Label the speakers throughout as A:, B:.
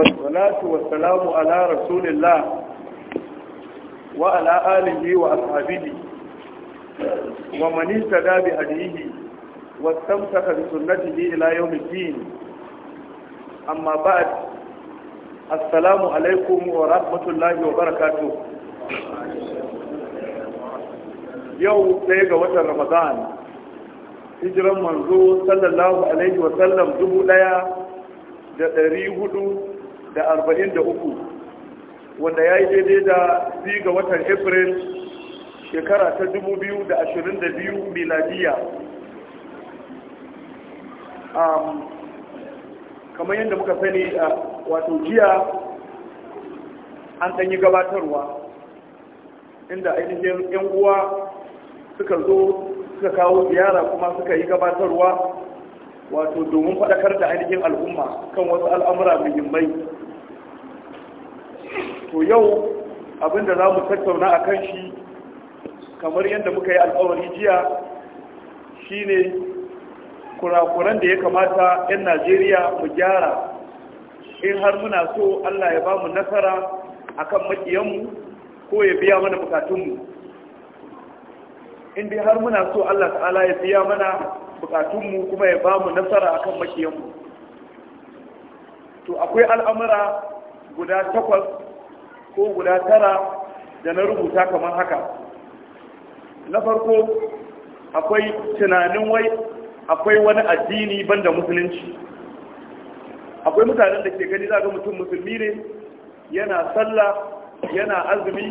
A: wasalatu wasalamu ala rasulillah wa ala alihi wa ashabihi wa man ihtada bi hadihi wastamsaka bi sunnatihi ila yawm al-din amma ba'ad assalamu alaikum wa rahmatullahi wa barakatuh yau ɗaya ga watan ramadan hijiran manzo sallallahu alaihi wasallam dubu ɗaya da ɗari hudu da arba'in da uku wanda ya yi daidai da biyu ga watan april shekara ta dubu biyu da ashirin da biyu miladiya kamar yadda muka sani wato jiya an ɗanyi gabatarwa inda ainihin 'yan uwa suka zo suka kawo ziyara kuma suka yi gabatarwa wato domin faɗakar da ainihin al'umma kan wasu al'amura muhimmai to yau abinda za mu tattauna a kan shi kamar yadda muka yi alkawari jiya shi ne kurakuran da ya kamata 'yan najeriya mu gyara in har muna so allah ya ba mu nasara kan makiyanmu ko ya biya mana bukatunmu in dai har muna so allah ta'ala ya biya mana bukatunmu kuma ya ba mu nasara kan makiyanmu to akwai al'amura guda takwas ko guda tara da na rubuta kamar haka na farko akwai tunanin wai akwai wani addini banda musulunci akwai mutanen da ke gani za ga mutum musulmi ne yana sallah yana azumi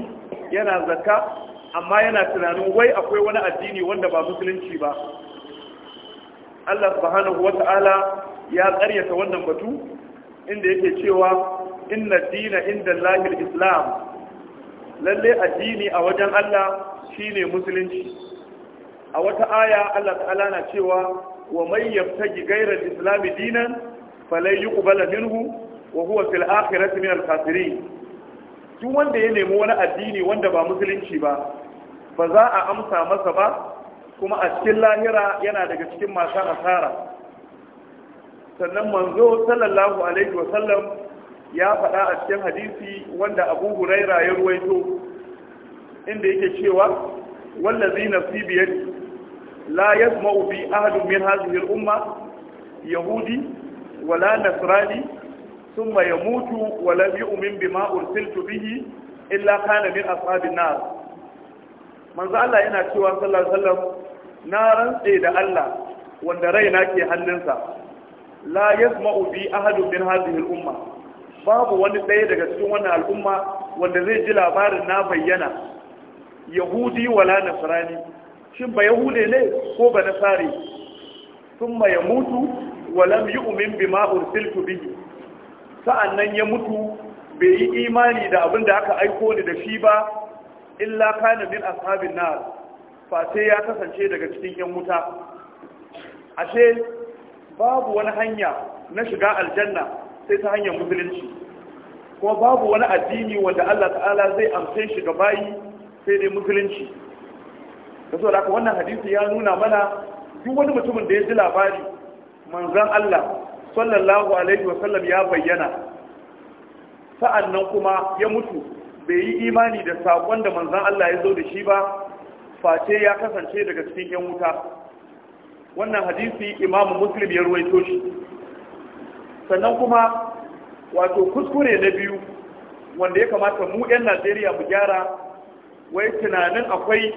A: yana zakka amma yana tunanin wai akwai wani addini wanda ba musulunci ba Allah subhanahu wata'ala ya karyata wannan batu inda yake cewa inna dina inda lahil islam lalle addini a wajen Allah shine musulunci a wata aya Allah ta'ala na cewa wa man yabtaji ghayra al dinan falai yuqbala minhu wa huwa fil akhirati min duk wanda ya nemi wani addini wanda ba musulunci ba ba za a amsa masa ba kuma a cikin lahira yana daga cikin masu asara sannan manzo sallallahu alaihi wa sallam ya faɗa a cikin hadisi wanda abu huraira ya ruwaito inda yake cewa wallazi nafsi biyadi la yasma'u bi ahadun min hadhihi al-umma yahudi wala nasrani thumma yamutu wa lam yu'min bima ursiltu bihi illa kana min ashabin nar manzo Allah yana cewa sallallahu alaihi wasallam na rantse da Allah wanda raina ke hannunsa la yasma'u bi ahadun min hadhihi al-umma babu wani ɗaya daga cikin wannan al'umma wanda zai ji labarin na bayyana yahudi wala nasrani shin ba yahude ne ko ba nasari ma ya mutu lam yu'min bima ursiltu bihi sa'annan ya mutu bai yi imani da abin da aka aiko ni da shi ba illa kana min ashabin nar fa ya kasance daga cikin yan wuta ashe babu wani hanya na shiga aljanna sai ta hanyar musulunci kuma babu wani addini wanda Allah ta'ala zai amfani shi ga bayi sai dai musulunci da so da wannan hadisi ya nuna mana duk wani mutumin da ya ji labari manzon Allah sallallahu alaihi wa sallam ya bayyana sa'annan kuma ya mutu bai yi imani da sakon da manzon Allah ya zo da shi ba face ya kasance daga cikin yan wuta wannan hadisi imamu muslim ya ruwaito shi sannan kuma wato kuskure na biyu wanda ya kamata mu 'yan najeriya mu gyara wai tunanin akwai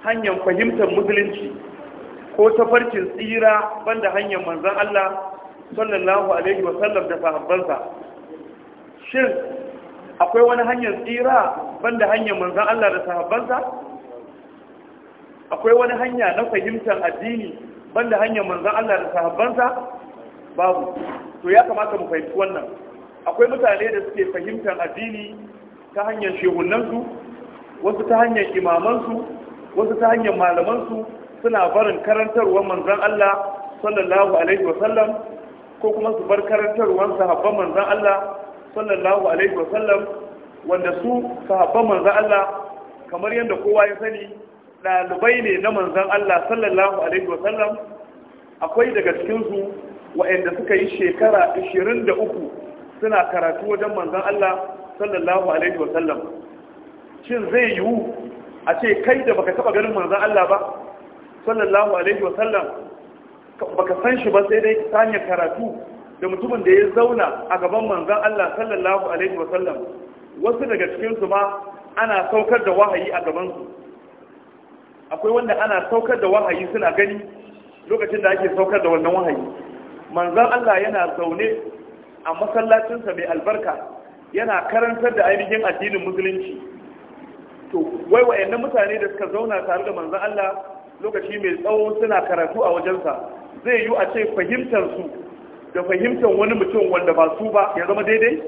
A: hanyar fahimtar musulunci ko tafarkin tsira banda hanyar manzan Allah sallallahu alaihi wasallam da sahabbansa shin akwai wani hanyar tsira banda hanyar manzan Allah da sahabbansa akwai wani hanya na fahimtar addini banda hanyar manzan Allah da sahabbansa babu to ya kamata mu fahimci wannan akwai mutane da suke fahimtar addini ta hanyar shehunansu wasu ta hanyar imamansu wasu ta hanyar malamansu suna barin karantarwar manzon Allah sallallahu alaihi wasallam ko kuma su bar karantarwar sahabban manzon Allah sallallahu alaihi wasallam wanda su sahabban manzon Allah kamar yadda kowa ya sani ɗalibai ne na manzon Allah sallallahu alaihi wasallam akwai daga cikinsu wa'anda suka yi shekara 23 suna karatu wajen manzan Allah sallallahu alaihi wa sallam shin zai yiwu a ce kai da baka taba ganin manzan Allah ba sallallahu alaihi wa sallam baka san shi ba sai dai sanya karatu da mutumin da ya zauna a gaban manzan Allah sallallahu alaihi wa sallam wasu daga cikinsu ma ana saukar da wahayi a gabansu. akwai wanda ana saukar da wahayi suna gani lokacin da ake saukar da wannan wahayi manzan Allah yana zaune a masallacinsa mai albarka yana karantar da ainihin addinin musulunci to wai wayannan mutane da suka zauna tare da manzan Allah lokaci mai tsawo suna karatu a wajensa zai yi a ce fahimtarsu da fahimtar wani mutum wanda ba su ba ya zama daidai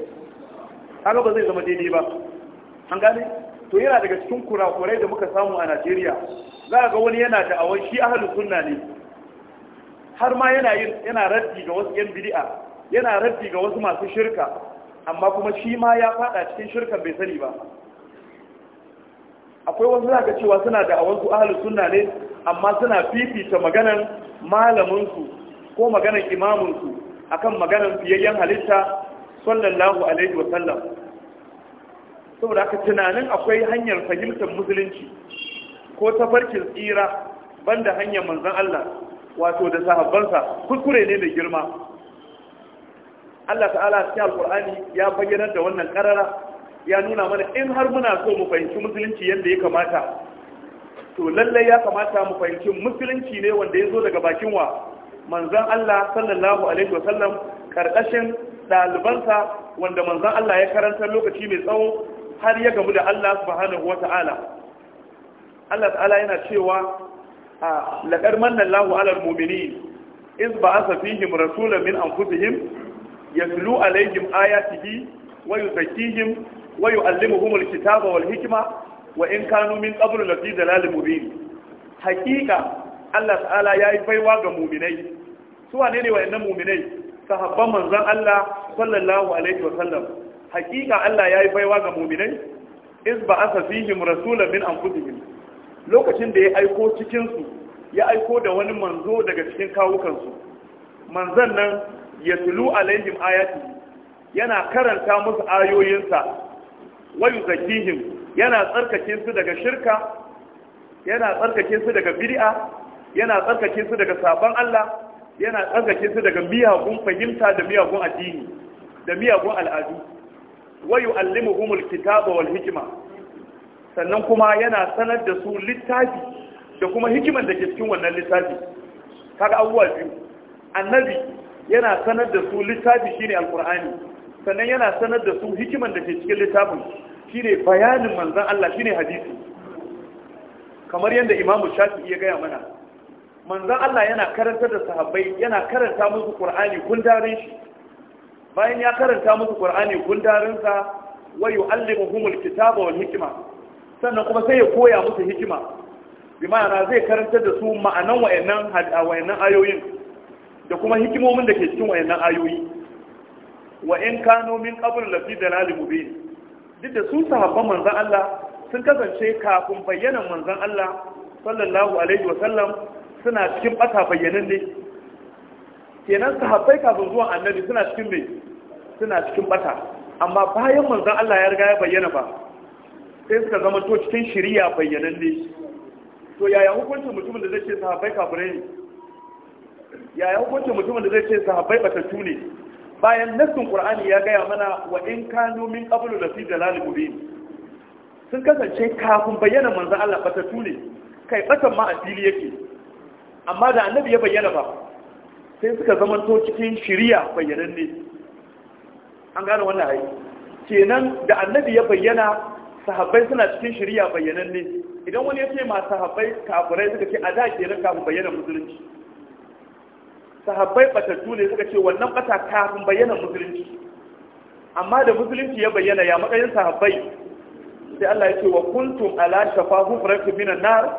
A: haka ba zai zama daidai ba an gane to yana daga cikin kurakurai da muka samu a najeriya za ga wani yana da awon shi ahalin sunna ne har ma yana yin yana raddi ga wasu yan bid'a yana raddi ga wasu masu shirka amma kuma shi ma ya fada cikin shirka bai sani ba akwai wasu zaka cewa suna da awansu ahlus sunna ne amma suna fifita maganan malamin ko maganan imamin su akan maganan fiyayyen halitta sallallahu alaihi wa sallam saboda haka tunanin akwai hanyar fahimtar musulunci ko ta farkin tsira banda hanyar manzon Allah wato da sahabbansa kuskure ne mai girma Allah ta'ala cikin alkur'ani ya bayyana da wannan karara ya nuna mana in har muna so mu fahimci musulunci yadda ya kamata to lallai ya kamata mu fahimci musulunci ne wanda ya zo daga bakin wa manzon Allah sallallahu alaihi wasallam karkashin ɗalibansa wanda manzon Allah ya karanta lokaci mai tsawo har ya gamu da Allah subhanahu wata'ala Allah ta'ala yana cewa laƙar mannan lahu alal mumini iz ba asa fihim rasulan min anfusihim yatlu alaihim ayatihi wayo yuzakkihim wayo yuallimuhum alkitaba wal hikima, wa in kanu min qablu lafi dalalin mubin hakika Allah ta'ala ya yi baiwa ga muminai su wane ne wayannan muminai sahabban manzon Allah sallallahu alaihi wa sallam hakika Allah ya yi baiwa ga muminai iz ba asa fihim rasulan min anfusihim lokacin da ya aiko cikinsu ya aiko da wani manzo daga cikin kawukansu manzan nan ya tulu alaihim ayati yana karanta musu ayoyinsa wayu zakihim yana tsarkake su daga shirka yana tsarkake su daga bid'a yana tsarkake su daga sabon Allah yana tsarkake su daga miyagun fahimta da miyagun addini da miyagun al'adu wayu allimuhumul kitaba wal hikma sannan kuma yana sanar da su littafi da kuma hikimar da ke cikin wannan littafi kaga abubuwa biyu annabi yana sanar da su littafi shine alqur'ani sannan yana sanar da su hikimar da ke cikin littafin shine bayanin manzon Allah shine hadisi kamar yadda imamu Shafi ya gaya mana manzon Allah yana karanta da sahabbai yana karanta musu qur'ani gundarin shi bayan ya karanta musu qur'ani gundarin sa wa yu'allimuhumul kitaba wal hikma sannan kuma sai ya koya musu hikima bi ma'ana zai karantar da su ma'anan wa'annan ayoyin da kuma hikimomin da ke cikin wa'annan ayoyi wa in kano min qabl fi dalal mubin duk da su sahabban manzon Allah sun kasance kafin bayyanan manzon Allah sallallahu alaihi wa sallam suna cikin bata bayyanan ne kenan sahabbai kafin zuwan annabi suna cikin me suna cikin bata amma bayan manzon Allah ya riga ya bayyana ba sai suka zama to cikin shiriya ne. to yaya hukuncin mutumin da zai ce sahabbai kafirai ne yaya hukuncin mutumin da zai ce sahabbai batattu ne bayan nassin qur'ani ya gaya mana wa in kanu min qablu la fi dalalin mubin sun kasance kafin bayyana manzo Allah batattu ne kai batan ma a fili yake amma da annabi ya bayyana ba sai suka zama to cikin shiriya bayyananne an gane wannan ayi kenan da annabi ya bayyana sahabbai suna cikin shari'a bayyananne idan wani ya ce ma sahabbai kafirai suka ce a da kenan kafin bayyana musulunci sahabbai batattu ne suka ce wannan bata kafin bayyana musulunci amma da musulunci ya bayyana ya matsayin sahabbai sai Allah ya ce wa kuntum ala shafa min an nar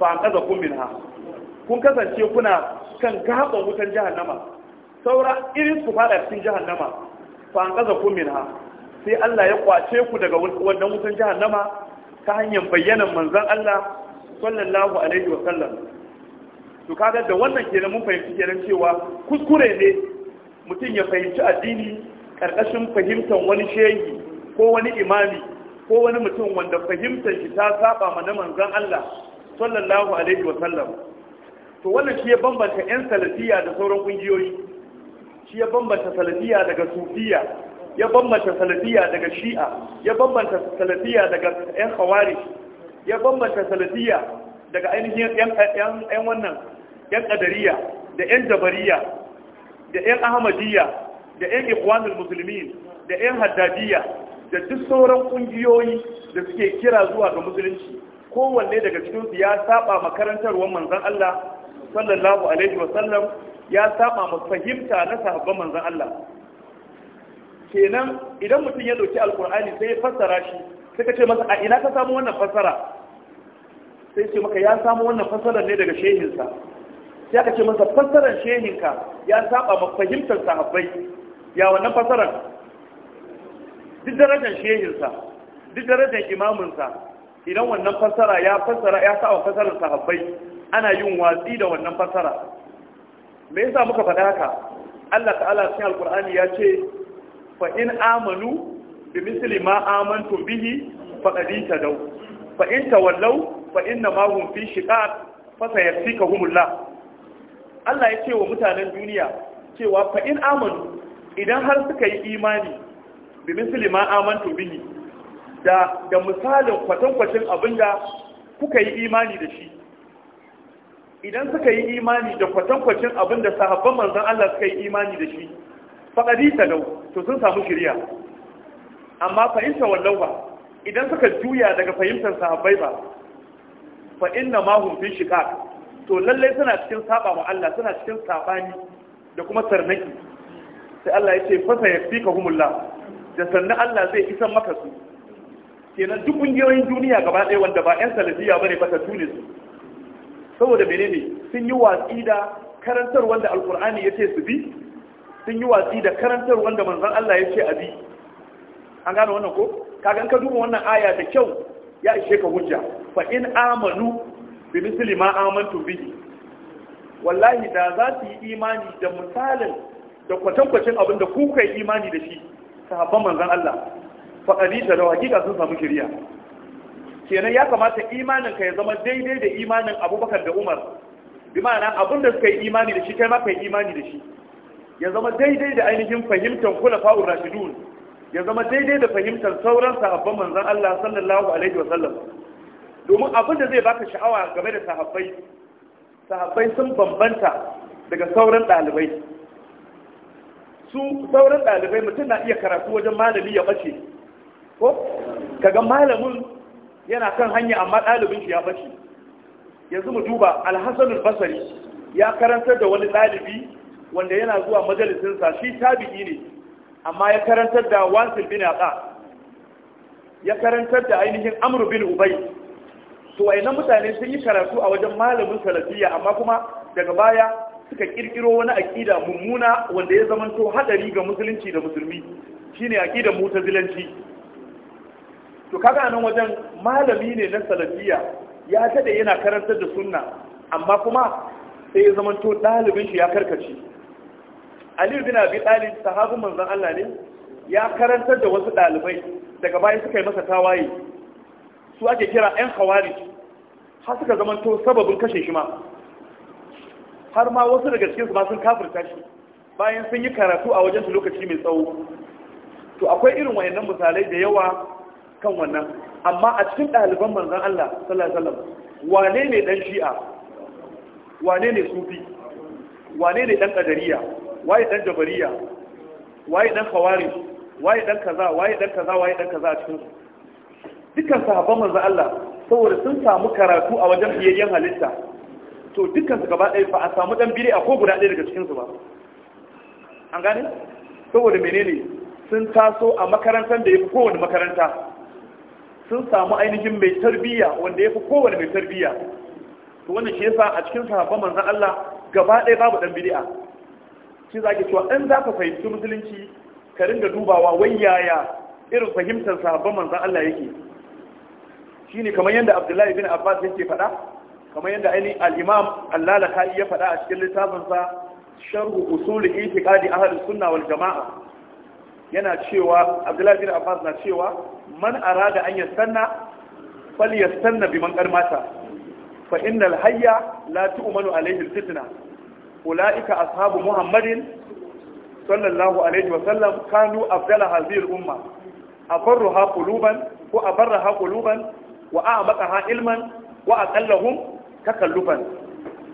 A: fa anqazakum minha kun kasance kuna kan gaban wutan jahannama saura irin su fada cikin jahannama fa anqazakum minha sai Allah ya kwace ku daga wannan wutan jahannama ta hanyar bayyana manzon Allah sallallahu alaihi wa sallam to kaga da wannan kenan mun fahimci kenan cewa kuskure ne mutum ya fahimci addini karkashin fahimtar wani shehi ko wani imami ko wani mutum wanda fahimtar shi ta saba ma na manzon Allah sallallahu alaihi wa sallam to wannan shi ya bambanta yan salafiya da sauran kungiyoyi shi ya bambanta salafiya daga sufiya ya bambanta salafiya daga shi'a ya bambanta salafiya daga yan hawari ya bambanta salafiya daga ainihin yan wannan yan ƙadariya da yan jabariya da yan ahmadiyya da yan ikwanul musulmin da yan haddadiya da duk sauran ƙungiyoyi da suke kira zuwa ga musulunci kowanne daga cikin ya saba makarantarwar manzan Allah sallallahu alaihi wasallam ya saba ma fahimta na sahabban manzan Allah kenan idan mutum ya dauki alkur'ani sai ya fassara shi sai ka ce masa a ina ka samu wannan fassara sai ce maka ya samu wannan fassara ne daga shehinsa sai aka ce masa fassarar shehinka ya saba ma fahimtar sahabbai ya wannan fassarar duk darajar shehinsa duk darajar imaminsa idan wannan fassara ya fassara ya saba fassarar sahabbai ana yin watsi da wannan fassara me yasa muka faɗa haka Allah ta'ala cikin alkur'ani ya ce fa in amanu bi misli ma amantu bihi faqad tadaw fa in tawallaw fa inna ma hum fi shiqaq fa Allah ya ce wa mutanen duniya cewa fa in amanu idan har suka yi imani bi misli ma amantu bihi da da misalin kwatankwacin abinda kuka yi imani da shi idan suka yi imani da kwatankwacin abinda sahabban manzon Allah suka yi imani da shi faɗaɗi ta dau to sun samu shirya amma fahimta wallau ba idan suka juya daga fahimtar sahabbai ba fa inna ma hum fi shiqaq to lallai suna cikin saba ma Allah suna cikin sabani da kuma tarnaki sai Allah ya ce fa sayfikahumullah da sannan Allah zai isa maka su kenan duk kungiyoyin duniya gaba ɗaya wanda ba yan salafiya bane ba ta tune su saboda menene sun yi watsi da karantar wanda Alkur'ani ya ce su bi sun yi watsi da karantar wanda manzan Allah ya ce abi an gane wannan ko kagan ka duba wannan aya da kyau ya ishe ka hujja fa in amanu bi misli ma amantu bihi wallahi da za su yi imani da misalin da kwatankwacin abin da ku kai imani da shi sahabban manzan Allah fa qadita da hakika sun samu kiriya kenan ya kamata imanin ka ya zama daidai da imanin Abubakar da Umar bi ma'ana abin da suka yi imani da shi kai ma kai imani da shi ya zama daidai da ainihin fahimtar khulafa'ur rashidun ya zama daidai da fahimtar sauran sahabban manzan Allah sallallahu alaihi wasallam domin abin da zai baka sha'awa game da sahabbai sahabbai sun bambanta daga sauran ɗalibai su sauran ɗalibai mutum na iya karatu wajen malami ya bace ko kaga malamin yana kan hanya amma ɗalibin shi ya bace yanzu mu duba alhassanul basari ya karantar da wani ɗalibi wanda yana zuwa majalisinsa shi tabi'i ne amma ya karantar da wasil bin aqa ya karantar da ainihin amru bin ubay to wayannan mutane sun yi karatu a wajen malamin salafiyya amma kuma daga baya suka kirkiro wani aqida mummuna wanda ya zamanto hadari ga musulunci da musulmi shine aqidar mutazilanci to kaga nan wajen malami ne na salafiyya ya tada yana karantar da sunna amma kuma sai ya to dalibin shi ya karkace aliyu bin abi talib sahabin manzon Allah ne ya karantar da wasu dalibai daga baya suka yi masa tawaye su ake kira yan khawarij har suka zamanto sababin kashe shi ma har ma wasu daga cikin su ma sun kafirta shi bayan sun yi karatu a wajen su lokaci mai tsawo to akwai irin wayannan misalai da yawa kan wannan amma a cikin ɗaliban manzon Allah sallallahu alaihi wasallam wane ne dan shi'a wane ne sufi wane ne dan kadariya waye dan jabariya waye dan kawari waye dan kaza waye dan kaza waye dan kaza a cikin su dukkan sahabban manzo Allah saboda sun samu karatu a wajen biyayyen halitta to dukkan su gaba ɗaya ba a samu dan a ko guda ɗaya daga cikin su ba an gane saboda menene sun taso a makarantar da yafi kowane makaranta sun samu ainihin mai tarbiyya wanda yafi kowane mai tarbiyya to wannan shi yasa a cikin sahabban manzo Allah gaba ɗaya babu dan bid'a shi za ki cewa in za ka fahimci musulunci ka ringa dubawa wai yaya irin fahimtar sahabban manzan Allah yake shine kamar yadda Abdullahi bin Abbas yake faɗa kamar yadda ainihin al'imam imam al iya ya faɗa a cikin littafinsa sharhu usul itiqadi ahli sunna wal jama'a yana cewa Abdullahi bin Abbas na cewa man arada an yastanna bi biman qarmata fa innal hayya la tu'manu alayhi al-fitna ula'ika ashabu muhammadin sallallahu alaihi wasallam kanu afdala hazir umma abarruha quluban ko abarraha quluban wa a'maqaha ilman wa aqallahum takallufan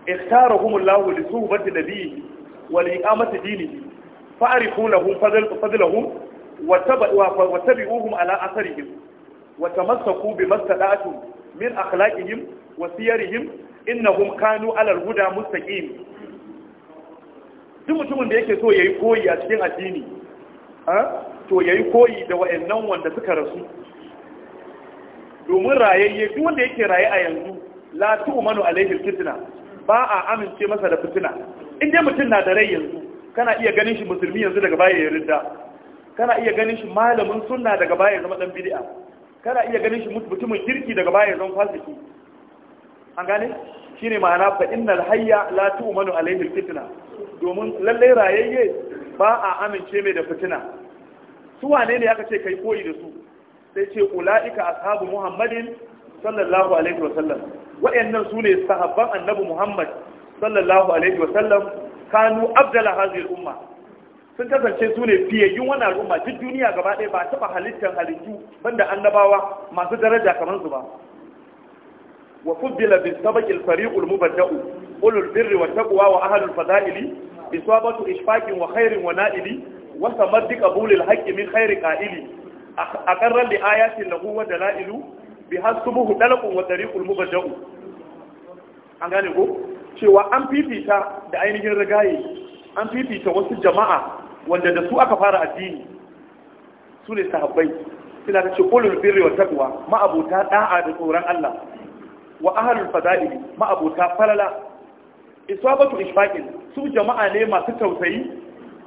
A: ikhtarahum Allah li suhbati nabiyhi wa li iqamati dinihi fa'rifu lahum fadlahum wa tabi'uhum ala atharihim wa tamassaku bima stada'tum min akhlaqihim wa siyarihim innahum kanu ala al-huda mustaqim duk mutumin da yake so ya yi koyi a cikin addini to ya yi koyi da wa'annan wanda suka rasu domin rayayye duk wanda yake raye a yanzu la tu'manu alaihi fitna ba a amince masa da fitina in dai mutum na da rai yanzu kana iya ganin shi musulmi yanzu daga baya ya ridda kana iya ganin shi malamin sunna daga baya zama dan bid'a kana iya ganin shi mutumin kirki daga baya zama fasiki an gane shine ma'ana fa innal hayya la tu'manu alayhi fitna domin lallai rayayye ba a amince mai da fitina su wane ne aka ce kai koyi da su sai ce ula'ika ashabu muhammadin sallallahu alaihi wa sallam wa'annan su ne sahabban annabi muhammad sallallahu alaihi wa sallam kanu abdala hazil umma sun kasance su ne fiyayyun wannan al'umma duk duniya gaba ɗaya ba taɓa halittar halittu banda annabawa masu daraja kamar su ba wa fuddila bis sabaqi al fariqul mubadda'u wa ahlul Faza'ili, isabatu ishfaqin wa khairin wa na'ili wa samaddi qabulil haqqi min khairi qa'ili aqarra li ayatin lahu wa dalailu bi hasbuhu dalqun wa tariqul mubadda'u an gane ko cewa an fifita da ainihin rigaye an fifita wasu jama'a wanda da su aka fara addini su ne sahabbai suna ta ce kulul birri wa ma'abuta da'a da tsoron Allah wa ahalul fada'il ma'abota falala isabatu ishfaqin su jama'a ne masu tausayi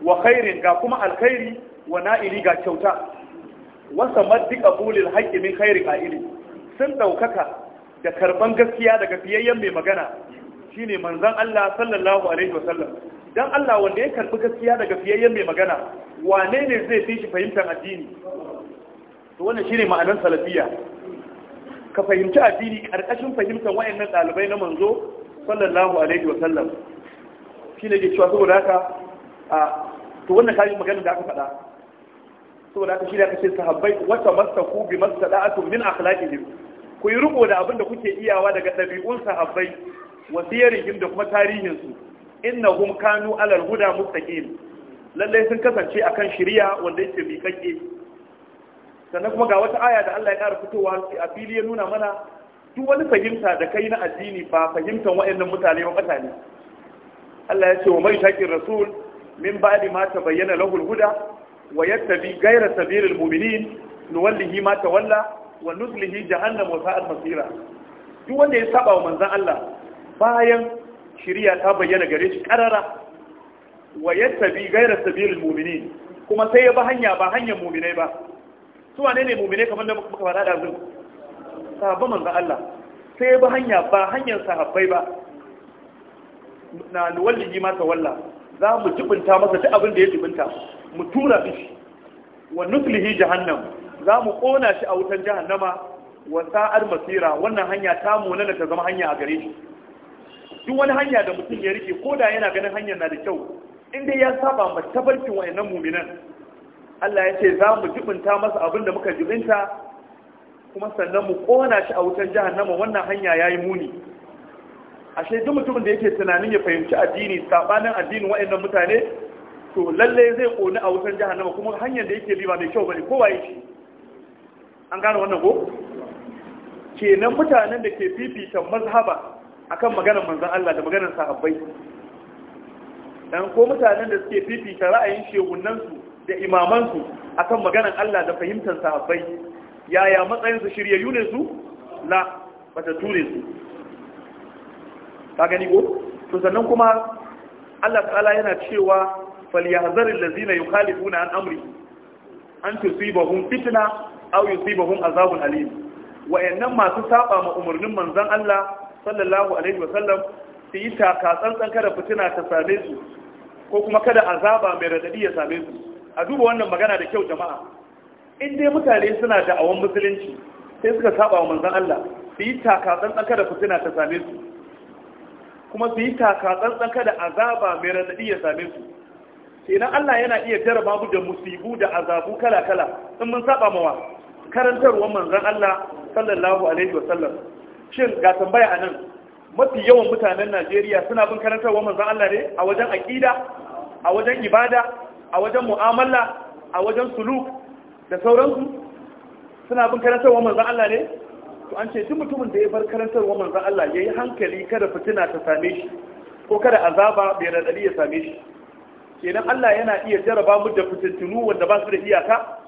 A: wa khairin ga kuma alkhairi wa na'ili ga kyauta wa samaddi qabulil haqqi min khairi qa'ili sun daukaka da karban gaskiya daga fiyayyen mai magana shine manzon Allah sallallahu alaihi wasallam dan Allah wanda ya karbi gaskiya daga fiyayyen mai magana wane ne zai fi shi fahimtar addini to wannan shine ma'anar salafiyya ka fahimci addini karkashin fahimtar wayannan ɗalibai na manzo sallallahu alaihi wa sallam shine ke cewa saboda haka a to wannan kaji magana da aka faɗa saboda haka shi da aka ce sahabbai wata ku bi mastada'atun min akhlaqihim ku yi riko da abin da kuke iyawa daga ɗabi'un sahabbai wasiyarihim da kuma tarihinsu innahum kanu alal huda mustaqim lallai sun kasance akan shari'a wanda yake kake. sannan kuma ga wata aya da Allah ya ƙara fitowa a fili ya nuna mana duk wani fahimta da kai na addini ba fahimtar waɗannan mutane ba ne. Allah ya ce wa mai shaƙin rasul min ba'di ma tabayyana lahu al-huda wa yattabi ghayra sabilil mu'minin nuwallihi ma tawalla wa nuzlihi jahannam wa sa'at masira duk wanda ya saba wa manzon Allah bayan shiriya ta bayyana gare shi karara wa yattabi ghayra sabilil mu'minin kuma sai ya ba hanya ba hanyar mu'minai ba su wane ne mu'mine kamar da muka faɗa da zuwa sahabban Allah sai ba hanya ba hanyar sahabbai ba na nuwalli ma ta walla za mu jibinta masa duk abin da ya jibinta mu tura shi wa nuslihi jahannam za mu kona shi a wutan jahannama wa sa'ar masira wannan hanya ta munana ta zama hanya a gare shi duk wani hanya da mutum ya rike ko da yana ganin hanyar na da kyau in dai ya saba ma tabarkin wayannan mu'minan Allah ya ce za mu jibinta masa abin da muka jibinta kuma sannan mu kona shi a wutar jahannama wannan hanya ya yi muni ashe duk mutumin da yake tunanin ya fahimci addini sabanin addinin wayannan mutane to lalle zai koni a wutar jahannama kuma hanyar da yake bi mai kyau bane kowa yi shi an gane wannan ko kenan mutanen da ke fifita mazhaba akan maganar manzon Allah da maganar sahabbai dan ko mutanen da suke fifita ra'ayin shegunan su da imamansu akan maganan Allah da fahimtar sahabbai yaya matsayinsu shirya ne su la bata ture su Ta gani ko to sannan kuma Allah ta'ala yana cewa falyahzaril ladzina yukhalifuna an amri an fitina, fitna aw yusibahum azabun alim wayannan masu saba ma umarnin manzan Allah sallallahu alaihi wasallam su yi takatsantsan kada fitina ta same su ko kuma kada azaba mai radadi ya same su a duba wannan magana da kyau jama'a in dai mutane suna da awon musulunci sai suka saba wa manzon Allah su yi takatsan tsaka da fitina ta same su kuma su yi takatsan tsaka da azaba mai radadi ya same su Sai kenan Allah yana iya jarraba mu da musibu da azabu kala kala in mun saba mawa karantarwar manzon Allah sallallahu alaihi wa sallam shin ga tambaya a nan, mafi yawan mutanen Najeriya suna bin karantarwar manzan Allah ne a wajen aƙida? a wajen ibada a wajen mu'amala a wajen suluk da sauransu suna bin karantarwa manzan Allah ne to an ce duk mutumin da ya bar karantarwa manzan Allah ya yi hankali kada fitina ta same shi ko kada azaba bai radadi ya same shi kenan Allah yana iya jaraba mu da fitintunu wanda ba su da iyaka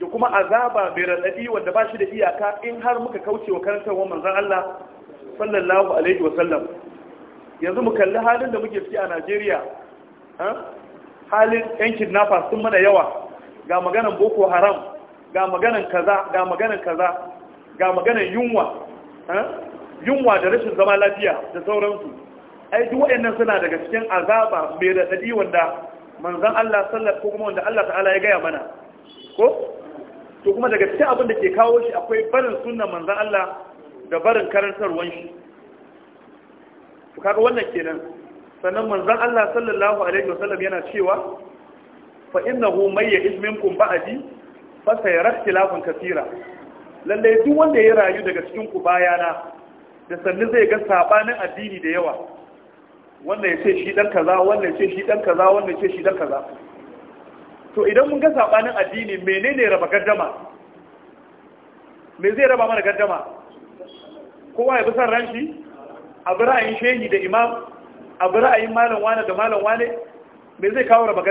A: da kuma azaba mai radadi wanda ba shi da iyaka in har muka kauce wa karantarwa manzan Allah sallallahu alaihi wa sallam yanzu mu kalli halin da muke ciki a Najeriya halin yan kidnappers sun mana yawa ga maganan boko haram ga maganan kaza ga maganan kaza ga maganan yunwa eh? yunwa da rashin zama lafiya da sauransu ai duk waɗannan suna daga cikin azaba mai raɗaɗi wanda manzon Allah sallallahu ko kuma wanda Allah ta'ala ya gaya mana ko to kuma daga cikin abin da ke kawo shi akwai barin sunnan manzon Allah da barin karantarwan shi to kaga wannan kenan sannan manzan Allah sallallahu alaihi wasallam yana cewa fa innahu may ya'iz minkum fasa ya rafi lafin kaseera lalle duk wanda ya rayu daga cikin ku bayana da sannu zai ga sabanin addini da yawa wannan ya ce shi dan kaza wannan ya ce shi dan kaza wannan ya ce shi dan kaza to idan mun ga sabanin addini menene raba gaddama me zai raba mana gaddama kowa ya bi san ranshi a bi ra'ayin shehi da imam abu ra'ayin malon wane da malon wane me zai kawo raba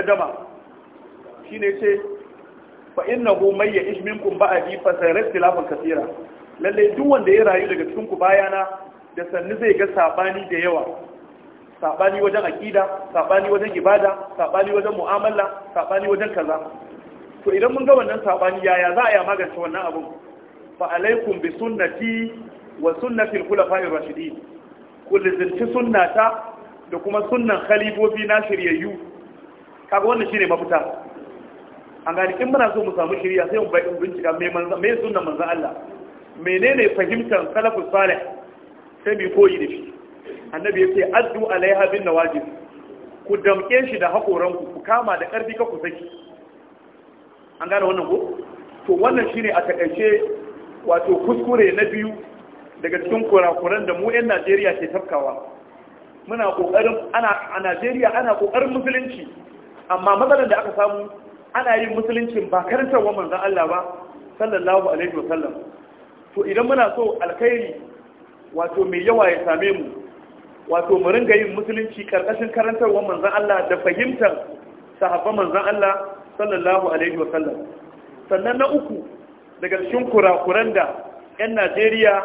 A: Shi ne ce fa ya may ku ba a fa sayara ikhtilafan kasira lalle duk wanda ya rayu daga cikin ku bayana da sannu zai ga sabani da yawa sabani wajen akida sabani wajen ibada sabani wajen mu'amala sabani wajen kaza to idan mun ga wannan sabani yaya za a yi magance wannan abun fa alaikum bi sunnati wa sunnati al-khulafa'ir rashidin kullu zinti sunnata da kuma sunan khalifofi na shiryayyu kaga wannan shine mafita an gani in muna so mu samu shirya sai mu bayin bincika me manzo me sunan manzo Allah menene fahimtar salafus salih sai bi koyi da shi annabi yace addu alaiha bin nawajib ku damke shi da hakoran ku ku kama da karfi ka ku saki an gane wannan ko to wannan shine a takaice wato kuskure na biyu daga cikin kurakuran da mu 'yan Najeriya ke tafkawa muna kokarin a Najeriya ana ƙoƙarin musulunci amma matsalar da aka samu ana yin musuluncin ba wa manzon Allah ba sallallahu alaihi wasallam to idan muna so alkhairi wato mai yawa ya same mu wato mu ringa yin musulunci karkashin wa manzon Allah da fahimtar sahabban manzon Allah sallallahu alaihi wasallam sannan na uku daga cikin kurakuran da 'yan Najeriya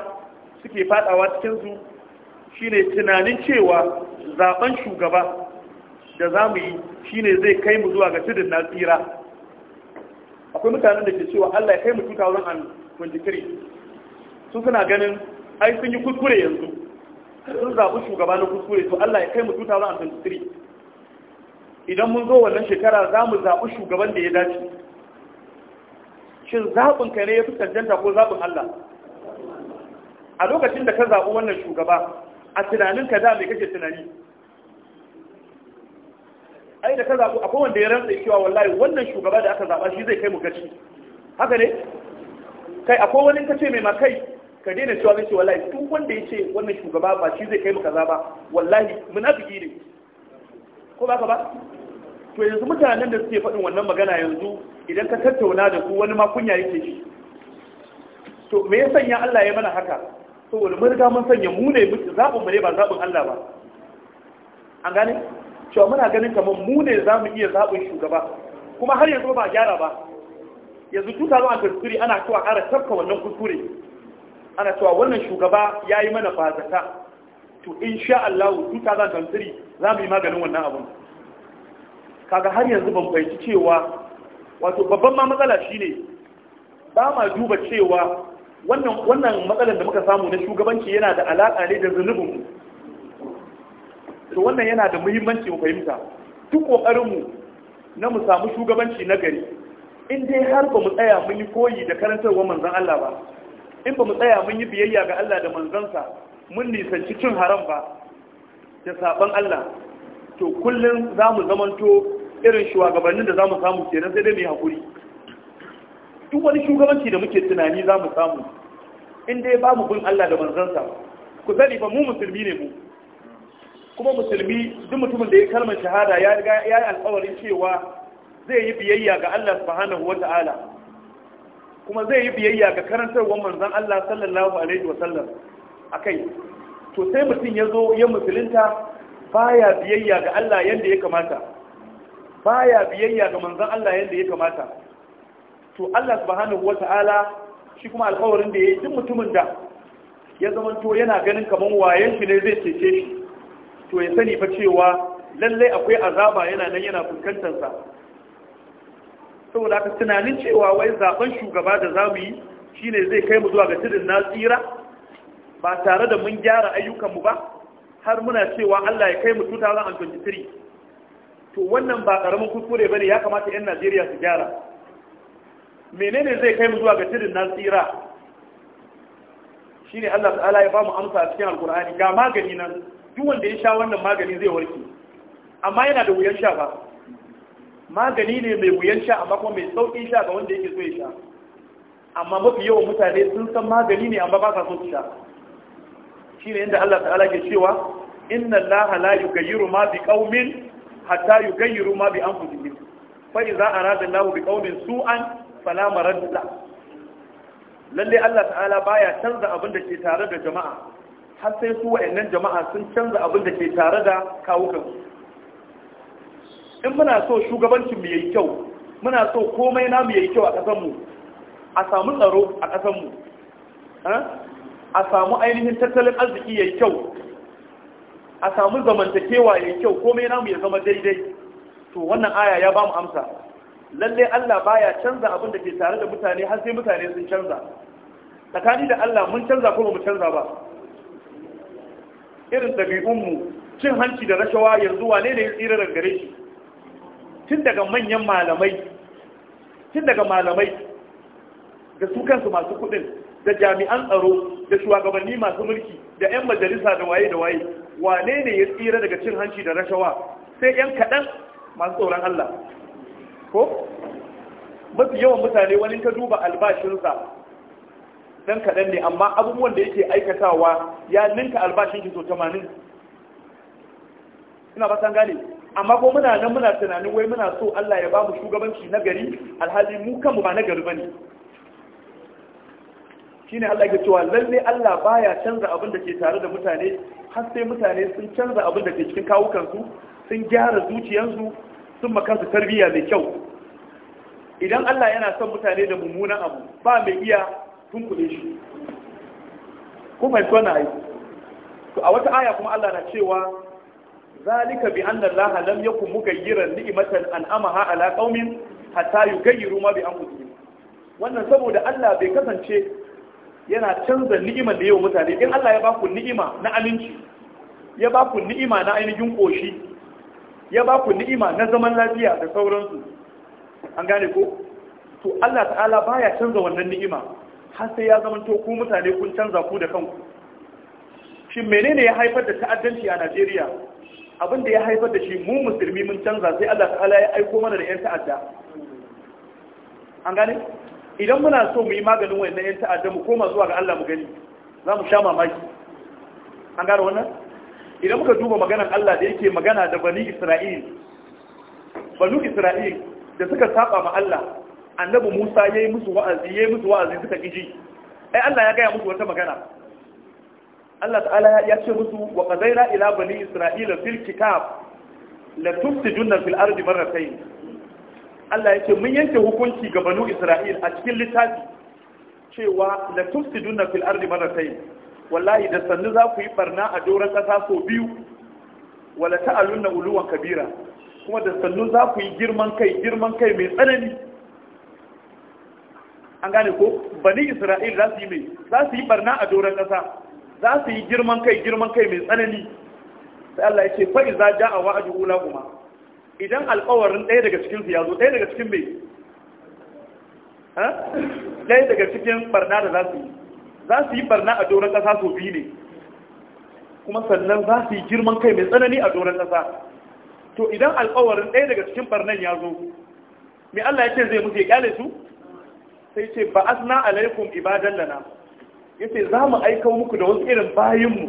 A: suke fadawa cikinsu shine tunanin cewa zaben shugaba da za mu yi shine zai kai mu zuwa ga tudun na tsira akwai mutanen da ke cewa Allah ya kai mu 2023 su suna ganin ai sun yi kuskure yanzu sun zaɓi shugaba na kuskure to Allah ya kai mu 2023 idan mun zo wannan shekara za mu zaɓi shugaban da ya dace shin zaɓin ka ne ya fi cancanta ko zaɓin Allah a lokacin da ka zaɓi wannan shugaba a tunaninka da mai kake tunani ai da ka zaɓu akwai wanda ya rantsa cewa wallahi wannan shugaba da aka zaɓa shi zai kai mu gaci haka ne kai akwai wani kace mai ma kai ka daina cewa zai ce wallahi duk wanda ya ce wannan shugaba ba shi zai kai mu kaza ba wallahi munafiki ne ko ba ka ba to yanzu mutanen da suke faɗin wannan magana yanzu idan ka tattauna da ku wani ma kunya yake shi to me ya sanya Allah ya mana haka saboda mun riga mun sanya mu ne zaɓin mu ne ba zaɓin Allah ba an gane cewa muna ganin kamar mu ne za mu iya zaɓin shugaba kuma har yanzu ba gyara ba yanzu tuta zuwa kuskure ana cewa ƙara tafka wannan kuskure ana cewa wannan shugaba ya yi mana bazata to in sha Allah 2023 za mu yi maganin wannan abun kaga har yanzu ban fahimci cewa wato babban ma matsala shine ba ma duba cewa wannan matsalar da muka samu na shugabanci yana da alaƙa ne da zunubin to wannan yana da muhimmanci mu fahimta duk ƙoƙarinmu na mu samu shugabanci na gari in dai har ba mu tsaya mun yi koyi da wa manzan Allah ba in ba mu tsaya mun yi biyayya ga Allah da manzansa mun nisanci cin haram ba da saban Allah to kullum za mu zamanto irin shugabannin da za mu samu kenan sai dai mu yi haƙuri duk wani shugabanci da muke tunani za mu samu in dai ba mu bin Allah da manzansa ku sani ba mu musulmi ne mu kuma musulmi duk mutumin da ya kalmar shahada ya riga ya yi alƙawarin cewa zai yi biyayya ga Allah subhanahu wata'ala kuma zai yi biyayya ga karantarwar manzon Allah sallallahu alaihi wa sallam akai to sai mutum ya zo ya musulunta baya biyayya ga Allah yanda ya kamata baya biyayya ga manzon Allah yanda ya kamata to Allah subhanahu wata'ala shi kuma alƙawarin da ya yi duk mutumin da ya zama to yana ganin kamar wayen shi ne zai cece shi to ya sani fa cewa lallai akwai azaba yana nan yana fuskantar sa saboda ka tunanin cewa wai zaben shugaba da zamu yi ne zai kai mu zuwa ga tudun tsira ba tare da mun gyara ayyukan mu ba har muna cewa Allah ya kai mu 2023 to wannan ba karamin kuskure ne ya kamata 'yan Najeriya su gyara menene zai kai mu zuwa ga tirin nan tsira shine Allah ta'ala ya ba mu amsa a cikin alkur'ani ga magani nan duk wanda ya sha wannan magani zai warke amma yana da wuyan sha ba magani ne mai wuyan sha amma kuma mai sauƙin sha ga wanda yake so ya sha amma mafi yawan mutane sun san magani ne amma ba sa so su sha shine inda Allah ta'ala ke cewa inna Allah la yughayyiru ma bi qaumin hatta yughayyiru ma bi anfusihim fa idza arada Allah bi qaumin su'an fala maradda lalle Allah ta'ala baya canza abin da ke tare da jama'a har sai su wayannan jama'a sun canza abin da ke tare da kawukan in muna so shugabancin mu yayi kyau muna so komai na mu yayi kyau a kasan mu a samu tsaro a kasan mu a samu ainihin tattalin arziki yayi kyau a samu zamantakewa yayi kyau komai na mu ya zama daidai to wannan aya ya ba mu amsa lalle Allah baya canza abin da ke tare da mutane har sai mutane sun canza tsakani da Allah mun canza ko mu canza ba irin ɗabi'unmu cin hanci da rashawa yanzu wane ne ya tsira daga gare shi tun daga manyan malamai tun daga malamai da su kansu masu kudin da jami'an tsaro da shugabanni masu mulki da 'yan majalisa da waye da waye wane ne ya tsira daga cin hanci da rashawa sai 'yan kaɗan masu tsoron Allah ko mafi yawan mutane wani ka duba albashinsa dan kaɗan ne amma abubuwan da yake aikatawa ya ninka albashin ki so 80 ina ba san gane amma ko muna nan muna tunanin wai muna so Allah ya ba mu shugabanci na gari alhali mu kanmu ba na gari bane shine Allah ke cewa lalle Allah baya canza abin da ke tare da mutane har sai mutane sun canza abin da ke cikin kawukansu sun gyara zuciyarsu sun makansu tarbiyya mai kyau idan Allah yana son mutane da mummunan abu ba mai iya tunkule shi kuma yi na yi a wata aya kuma Allah na cewa zalika bi nan Allah lam yakun mugayyiran ni'matan an'amaha ala qaumin hatta yugayyiru ma bi an anfusihim wannan saboda Allah bai kasance yana canza ni'imar da yau mutane in Allah ya ba ku ni'ima na aminci ya ba ku ni'ima na ainihin ƙoshi. ya ba ku ni'ima na zaman lafiya da sauransu an gane ko to Allah ta'ala baya canza wannan ni'ima har sai ya zama to ku mutane kun canza ku da kanku shin menene ya haifar da ta'addanci a Najeriya abin da ya haifar da shi mu musulmi mun canza sai Allah ta'ala ya aiko mana da 'yan ta'adda an gane idan muna so mu yi maganin wannan 'yan ta'adda mu koma zuwa ga Allah mu gani za mu sha mamaki an gane wannan idan muka duba maganar Allah da yake magana da bani Isra'il bani Isra'il da suka saba ma Allah annabi Musa yayi musu wa'azi yayi musu wa'azi suka kiji ai Allah ya gaya musu wata magana Allah ta'ala ya ce musu wa qadaira ila bani Isra'ila fil kitab la tufsiduna fil ardi marratayn Allah ya ce mun yanke hukunci ga bani Isra'il a cikin littafi cewa la tufsiduna fil ardi marratayn wallahi da sannu za ku yi barna a doron ƙasa sau biyu wala ta'alunna uluwan kabira kuma da sannu za ku yi girman kai girman kai mai tsanani an gane ko bani isra'il za su yi mai za su yi barna a doron ƙasa za su yi girman kai girman kai mai tsanani sai Allah ya ce fa iza ja'a wa'du ula kuma idan alƙawarin ɗaya daga cikin su ya zo ɗaya daga cikin mai ɗaya daga cikin barna da za su yi za su yi barna a doron ƙasa sau biyu ne kuma sannan za su yi girman kai mai tsanani a doron ƙasa to idan alƙawarin ɗaya daga cikin barnan ya zo mai Allah ya ce zai musu ya kyale su sai ce ba suna alaikum ibadan lana ce za mu aika muku da wasu irin bayinmu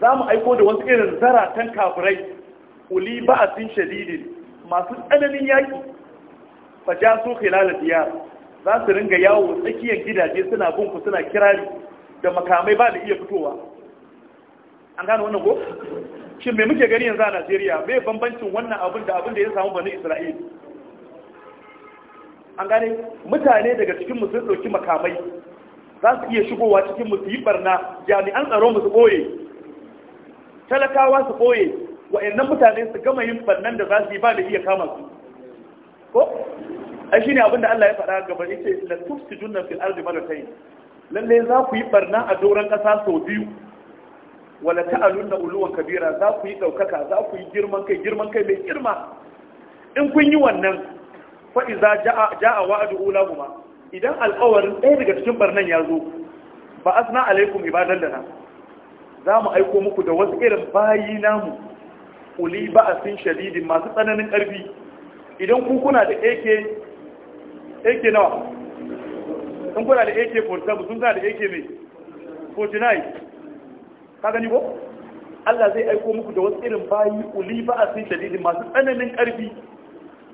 A: za mu aiko da wasu irin zaratan kafirai uli ba'asin shadidin masu tsananin yaƙi fa jasu khilal diyar za su ringa yawo tsakiyar gidaje suna bunku suna kirari da makamai ba da iya fitowa an gano wannan ko shin me muke gani yanzu a Najeriya me bambancin wannan abin da abin da ya samu bani Isra'il an gane mutane daga cikin musu sun makamai za su iya shigowa cikin musu su yi barna jami'an tsaro musu su talakawa su boye wa'annan mutane su gama yin barnan da za su yi ba da iya kama su ko ai shine abin da Allah ya faɗa gaba yace la tufsiduna fil ardi marratayn lalle za ku yi barna a doron ƙasa sau biyu wala ta'alunna uluwan kabira za ku yi ɗaukaka za ku yi girman kai girman kai mai girma in kun yi wannan fa iza ja'a wa'du ulahuma idan alƙawarin ɗaya daga cikin barnan ya zo ba asna alaikum ibadan na. za mu aiko muku da wasu irin bayi namu uli ba'asin shadidin masu tsananin ƙarfi idan ku kuna da AK ak nawa sun kuna da ak 47 sun da ak mai 49 ka gani ko Allah zai aiko muku da wasu irin bayi uli ba a sun shadidin masu tsananin ƙarfi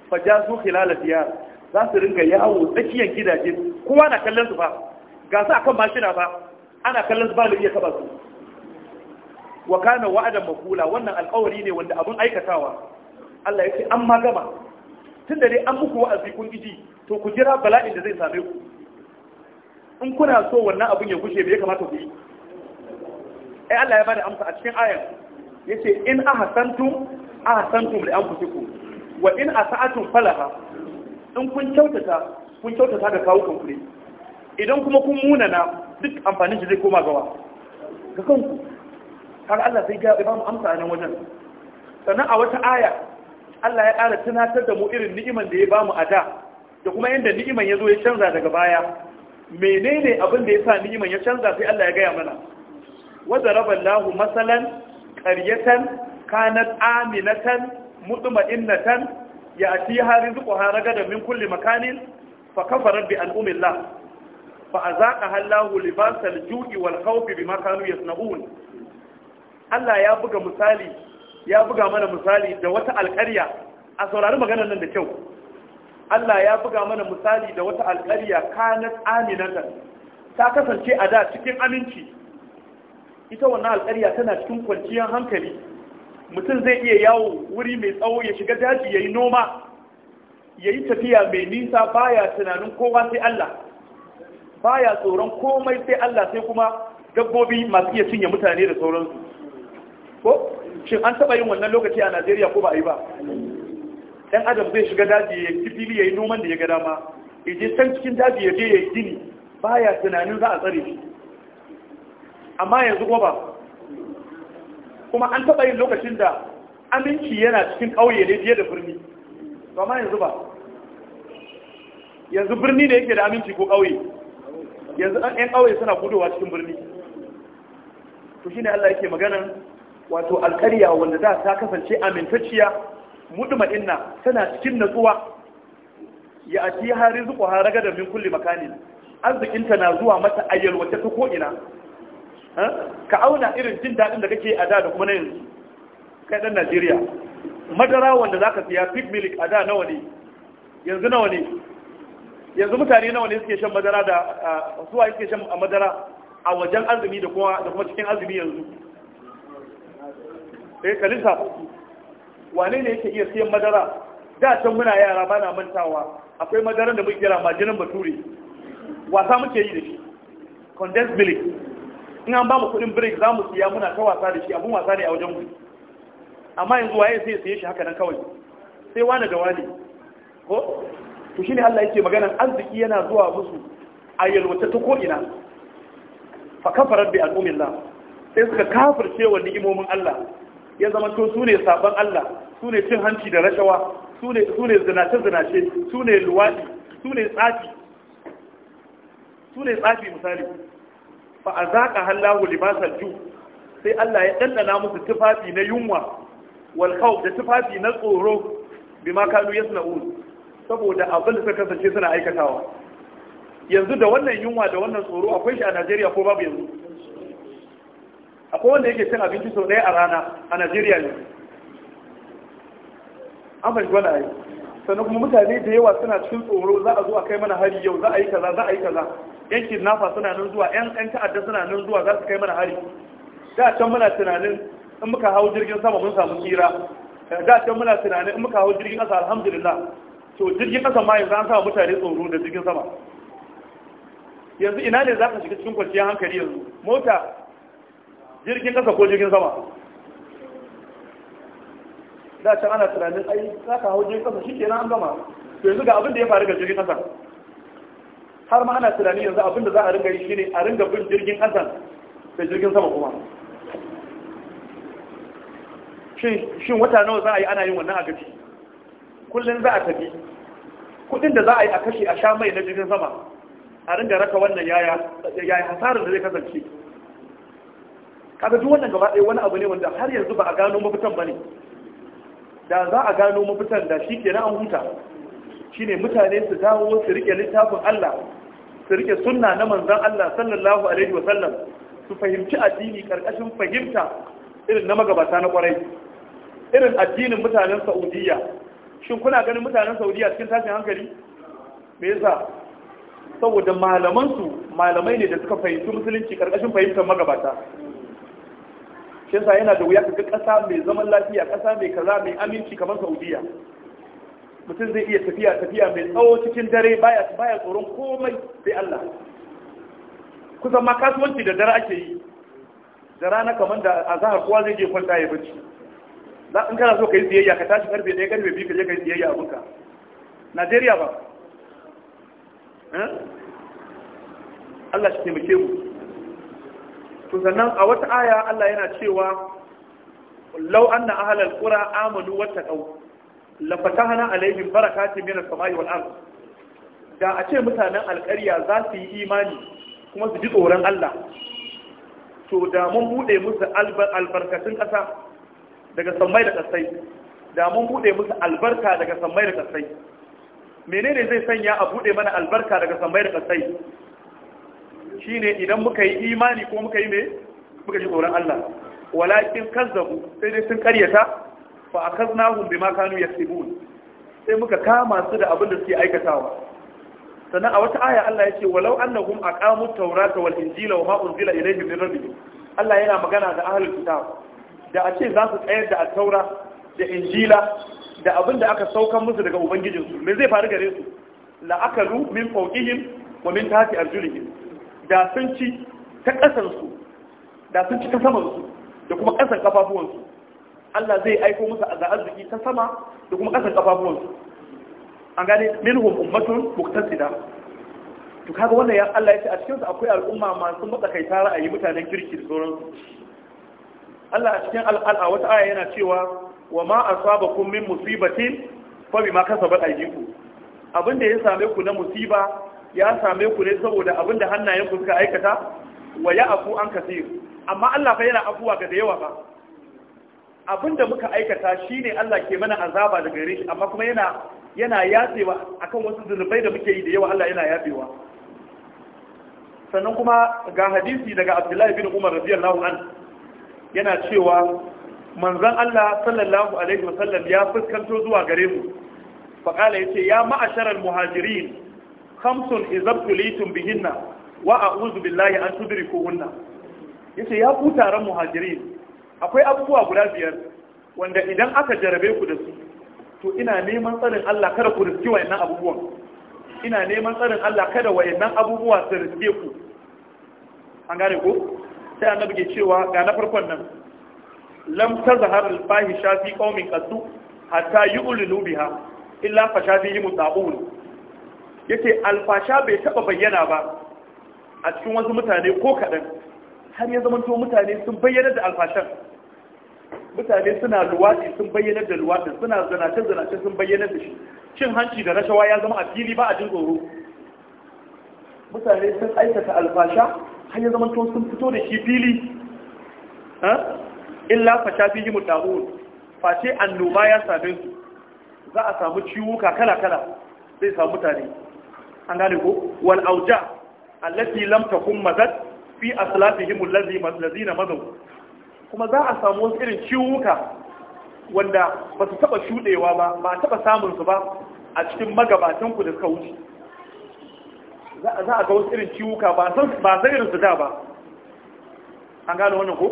A: faja su hilala diyar za su ringa yawo tsakiyar gidaje kowa na kallon su ba ga su akan mashina ba ana kallon su ba da iya taba su wa kana wa'adan makula wannan alƙawari ne wanda abun aikatawa Allah ya ce an ma gama tun da dai an muku wa'azi kun iji to ku jira bala'in da zai same ku in kuna so wannan abin ya gushe me ya kamata ku yi ai Allah ya bada amsa a cikin ayan yace in ahsantum ahsantum li anfusikum wa in asa'atum falaha in kun kyautata kun kyautata da kawo kanku ne idan kuma kun munana duk amfanin shi zai koma gawa ga kanku har Allah sai ga ba mu amsa a nan wajen sannan a wata aya Allah ya ƙara tunatar da mu irin ni'iman da ya bamu a da da kuma inda ni'iman ya zo ya canza daga baya menene abin da ya sa ni'iman ya canza sai Allah ya gaya mana wadda rabar lahu matsalan ƙaryatan kanat aminatan mutuma'innatan ya a ci harin zuku haraga da min kulle makanin fa kafarar bi al'umillah fa a zaƙa hallahu libasar ju'i wal haufi bi makanu ya Allah ya buga misali ya buga mana misali da wata alƙarya a saurari maganar nan da kyau Allah ya buga mana misali da wata alƙarya kanat aminatan ta kasance a da cikin aminci ita wannan alƙarya tana cikin kwanciyar hankali mutum zai iya yawo wuri mai tsawo ya shiga daji yayi noma yayi tafiya mai nisa baya tunanin kowa sai Allah baya tsoron komai sai Allah sai kuma dabbobi masu iya cinye mutane da sauransu ko shin an taba yin wannan lokaci a Najeriya ko ba a yi ba dan adam zai shiga daji ya yi fili ya yi noman da ya ga dama ya je cikin daji ya je ya yi gini baya tunanin za a tsare shi amma yanzu ko ba kuma an taba yin lokacin da aminci yana cikin ƙauye ne fiye da birni ba ma yanzu ba yanzu birni ne yake da aminci ko ƙauye yanzu ɗan ƙauye suna gudowa cikin birni to shi ne Allah yake maganan wato alƙarya wanda za ta kasance amintacciya mudma'inna tana cikin natsuwa ya ati rizqu har haraga da min kulli makani arzikinta na zuwa mata a yalwace ta ko'ina ka auna irin jin daɗin da kake a da da kuma na yanzu kai ɗan najeriya madara wanda za ka siya pig milk a da nawa ne yanzu nawa ne yanzu mutane nawa ne suke shan madara da suwa suke shan madara a wajen azumi da kuma cikin azumi yanzu eh kalisa wane ne yake iya siyan madara da can muna yara ba na mantawa akwai madaran da muke kira majinin bature wasa muke yi da shi condensed milk in an ba mu kudin break za mu siya muna ta wasa da shi abun wasa ne a wajen mu amma yanzu waye sai siye shi haka nan kawai sai wani da wani ko to shine Allah yake maganan arziki yana zuwa musu a yalwata ta ko ina fa kafara bi al'umillah sai suka kafirce wa ni'imomin Allah ya zama to su ne sabon Allah su ne cin hanci da rashawa su ne zinace-zinace su ne luwaɗi su ne tsafi su ne tsafi misali fa a zaƙa hallahu libasar ju sai Allah ya ɗanɗana musu tufafi na yunwa walhau da tufafi na tsoro bi ma kanu ya suna saboda abin da suka kasance suna aikatawa yanzu da wannan yunwa da wannan tsoro akwai shi a najeriya ko babu yanzu akwai wanda yake cin abinci sau ɗaya a rana a najeriya ne an fahimci wani ayi sannan kuma mutane da yawa suna cikin tsoro za a zo a kai mana hari yau za a yi kaza za a yi kaza yan kidnapper suna nan zuwa yan yan ta'adda suna nan zuwa za su kai mana hari da can muna tunanin in muka hau jirgin sama mun samu tsira da can muna tunanin in muka hau jirgin ƙasa alhamdulillah to jirgin ƙasa ma yanzu an sa mutane tsoro da jirgin sama yanzu ina ne za ka shiga cikin kwanciyar hankali yanzu mota jirgin kasa ko jirgin sama da can ana tunanin ai za ka hau jirgin kasa na an gama to yanzu ga abin da ya faru ga jirgin kasa har ma ana tunanin yanzu abin da za a ringa yi shine a ringa bin jirgin kasa da jirgin sama kuma shin wata nawa za a yi ana yin wannan agaji kullum za a tafi kudin da za a yi a kashe a sha mai na jirgin sama a ringa raka wannan yaya hasarar da zai kasance kaga duk wannan gaba ɗaya wani abu ne wanda har yanzu ba a gano mafitan ba ne da za a gano mafitan da shi ke na an huta ne mutane su dawo su rike littafin Allah su rike sunna na manzon Allah sallallahu alaihi wa su fahimci addini karkashin fahimta irin na magabata na kwarai irin addinin mutanen Saudiya shin kuna ganin mutanen Saudiya cikin tashin hankali me yasa saboda malamansu malamai ne da suka fahimci musulunci karkashin fahimtar magabata kinsa yana da wuya kaga ƙasa mai zaman lafiya ƙasa mai kaza mai aminci kamar saudiya mutum zai iya tafiya tafiya mai tsawo cikin dare baya baya tsoron komai sai Allah kusan ma kasuwanci da dare ake yi da rana kamar da azahar kowa zai je kwanta ya bacci za in kana so ka yi siyayya ka tashi karfe ɗaya karfe biyu ka je ka yi siyayya abinka Najeriya ba eh? Allah shi taimake mu to sannan a wata aya Allah yana cewa law anna ahlal qura amanu wattaqu la fatahna alaihim barakatin minas samai wal ard da a ce mutanen alƙarya za su yi imani kuma su ji tsoron Allah to da mun bude musu albarkatun ƙasa daga sammai da ƙasai da mun bude musu albarka daga sammai da ƙasai menene zai sanya a bude mana albarka daga sammai da ƙasai shine idan muka yi imani ko muka yi mai, muka ji tsoron Allah walakin kazzabu sai dai sun karyata fa akaznahum bima kanu yaktubun sai muka kama su da abin da suke aikatawa sannan a wata aya Allah ya ce walau annahum aqamu tawrata wal injila wa ma unzila ilayhim min rabbihim Allah yana magana da ahlul kitab da a ce za su tsayar da at-taura da injila da abin da aka saukan musu daga ubangijinsu me zai faru gare su la'akalu min fawqihim wa min tahti arjulihim da sun ci ta ƙasarsu da sun ci ta samansu da kuma ƙasar kafafuwansu Allah zai aiko musu a arziki ta sama da kuma ƙasar kafafuwansu an gane minhum ummatun muktasida to kaga wannan ya Allah ya ce a cikin su akwai al'umma masu matsakaita ra'ayi mutanen kirki da su. Allah a cikin al'ala wata aya yana cewa wa ma asabakum min musibatin fa bima kasabat aydikum abin da ya same ku na musiba ya same ku ne saboda abin da hannayenku suka aikata wa ya afu an kasir amma Allah fa yana afuwa ga da yawa ba abin da muka aikata shine Allah ke mana azaba da gare shi amma kuma yana yana yatsewa akan wasu zunubai da muke yi da yawa Allah yana yatsewa sannan kuma ga hadisi daga Abdullahi bin Umar radiyallahu an yana cewa manzon Allah sallallahu alaihi wasallam ya fuskanto zuwa gare mu faqala yace ya ma'asharal muhajirin khamsun izabtulitum bihinna wa a'udhu billahi an tudrikuhunna yace ya ku taron muhajirin akwai abubuwa guda biyar wanda idan aka jarabe ku da su to ina neman tsarin Allah kada ku riski wayannan abubuwan ina neman tsarin Allah kada wayannan abubuwa su riske ku an gane ko sai annabi ke cewa ga na farkon nan lam tazhar al fahisha fi qaumin qattu hatta yu'linu biha illa fashafihi mutaqun Yake alfasha bai taba bayyana ba a cikin wasu mutane ko kaɗan har ya zamanto mutane sun bayyana da alfashan mutane suna luwaɗi sun bayyana da luwaɗin suna zanace-zanace sun bayyana da shi cin hanci da rashawa ya zama a fili ba a jin tsoro mutane sun aikata alfasha har ya zamanto sun fito da shi fili illa fasha fi yi mutahun face annoba ya same su za a samu ciwuka kala-kala zai samu mutane an gane ko wal auja allati lam takun mazat fi aslatihim allazi mazlazina mazaw kuma za a samu wasu irin ciwuka wanda ba su taba shudewa ba ba taba samun su ba a cikin magabatan ku da suka wuce za a ga wasu irin ciwuka ba san ba san irin su da ba an gane wannan ko